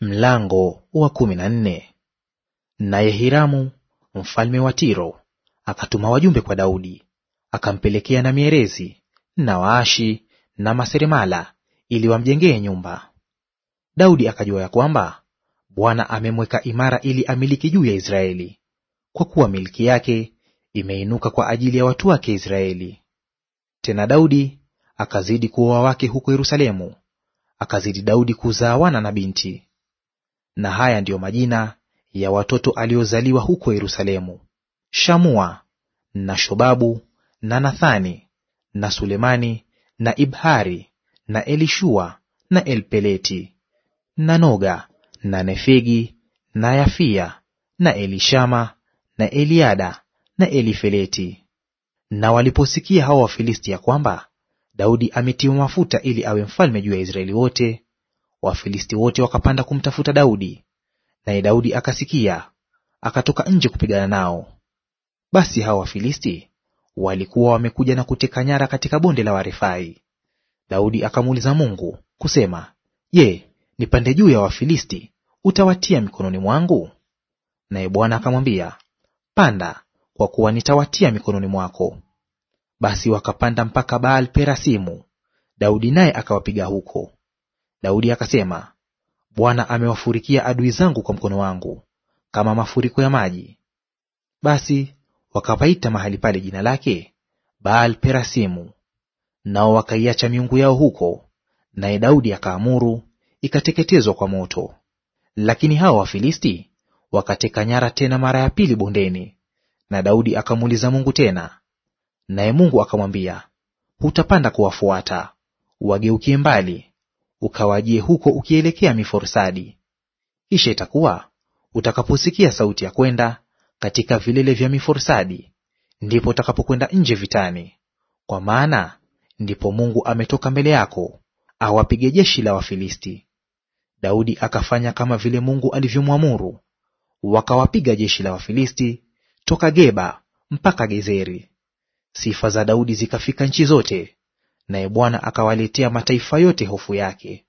Mlango wa kumi na nne. Naye Hiramu mfalme wa Tiro akatuma wajumbe kwa Daudi, akampelekea na mierezi na waashi na maseremala, ili wamjengee nyumba. Daudi akajua ya kwamba Bwana amemweka imara ili amiliki juu ya Israeli, kwa kuwa miliki yake imeinuka kwa ajili ya watu wake Israeli. Tena Daudi akazidi kuoa wake huko Yerusalemu, akazidi Daudi kuzaa wana na binti. Na haya ndiyo majina ya watoto aliozaliwa huko Yerusalemu: Shamua na Shobabu na Nathani na Sulemani na Ibhari na Elishua na Elpeleti na Noga na Nefegi na Yafia na Elishama na Eliada na Elifeleti. Na waliposikia hao Wafilisti ya kwamba Daudi ametiwa mafuta ili awe mfalme juu ya Israeli wote, Wafilisti wote wakapanda kumtafuta Daudi, naye Daudi akasikia, akatoka nje kupigana nao. Basi hao Wafilisti walikuwa wamekuja na kuteka nyara katika bonde la Warefai. Daudi akamuuliza Mungu kusema, Je, nipande juu ya Wafilisti utawatia mikononi mwangu? Naye Bwana akamwambia, Panda, kwa kuwa nitawatia mikononi mwako. Basi wakapanda mpaka Baal Perasimu, Daudi naye akawapiga huko. Daudi akasema, Bwana amewafurikia adui zangu kwa mkono wangu kama mafuriko ya maji. Basi wakapaita mahali pale jina lake Baal Perasimu, nao wakaiacha miungu yao huko, naye Daudi akaamuru ikateketezwa kwa moto. Lakini hao Wafilisti wakateka nyara tena mara ya pili bondeni, na Daudi akamuuliza Mungu tena, naye Mungu akamwambia, hutapanda kuwafuata, wageukie mbali ukawajie huko ukielekea Miforsadi. Kisha itakuwa utakaposikia sauti ya kwenda katika vilele vya Miforsadi, ndipo utakapokwenda nje vitani, kwa maana ndipo Mungu ametoka mbele yako awapige jeshi la Wafilisti. Daudi akafanya kama vile Mungu alivyomwamuru, wakawapiga jeshi la Wafilisti toka Geba mpaka Gezeri. Sifa za Daudi zikafika nchi zote, naye Bwana akawaletea mataifa yote hofu yake.